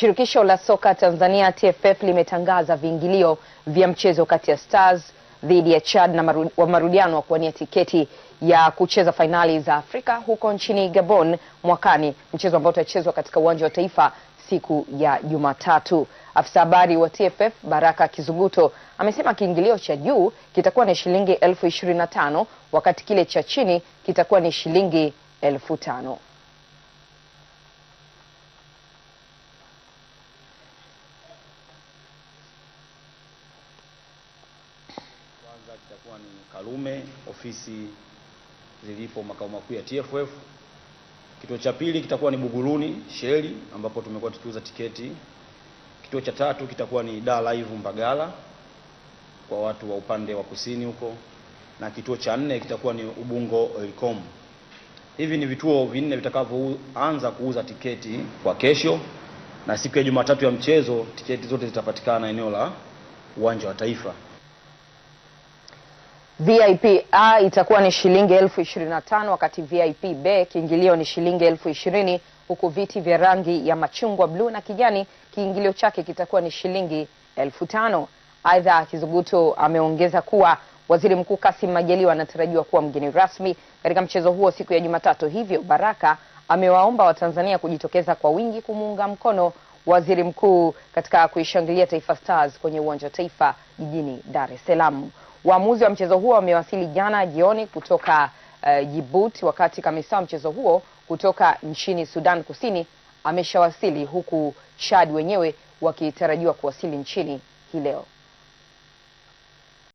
Shirikisho la soka Tanzania TFF limetangaza viingilio vya mchezo kati ya Stars dhidi ya Chad na maru, wa marudiano wa kuwania tiketi ya kucheza fainali za Afrika huko nchini Gabon mwakani, mchezo ambao utachezwa katika uwanja wa Taifa siku ya Jumatatu. Afisa habari wa TFF Baraka Kizuguto amesema kiingilio cha juu kitakuwa ni shilingi elfu ishirini na tano wakati kile cha chini kitakuwa ni shilingi elfu tano. baki itakuwa ni Karume, ofisi zilipo makao makuu ya TFF. Kituo cha pili kitakuwa ni Buguruni Sheli, ambapo tumekuwa tukiuza tiketi. Kituo cha tatu kitakuwa ni Dar Live Mbagala kwa watu wa upande wa kusini huko, na kituo cha nne kitakuwa ni Ubungo Elcom. Hivi ni vituo vinne vitakavyoanza kuuza tiketi kwa kesho, na siku ya Jumatatu ya mchezo tiketi zote zitapatikana eneo la uwanja wa Taifa. VIP A itakuwa ni shilingi elfu ishirini na tano wakati VIP B kiingilio ni shilingi elfu ishirini huku viti vya rangi ya machungwa, bluu na kijani kiingilio chake kitakuwa ni shilingi elfu tano. Aidha, Kizuguto ameongeza kuwa Waziri Mkuu Kassim Majaliwa anatarajiwa kuwa mgeni rasmi katika mchezo huo siku ya Jumatatu, hivyo Baraka amewaomba Watanzania kujitokeza kwa wingi kumuunga mkono waziri mkuu katika kuishangilia Taifa Stars kwenye uwanja wa Taifa jijini Dar es Salaam. Waamuzi wa mchezo huo wamewasili jana jioni kutoka uh, eh, Djibouti, wakati kamisa wa mchezo huo kutoka nchini Sudan Kusini ameshawasili huku Chad wenyewe wakitarajiwa kuwasili nchini hii leo.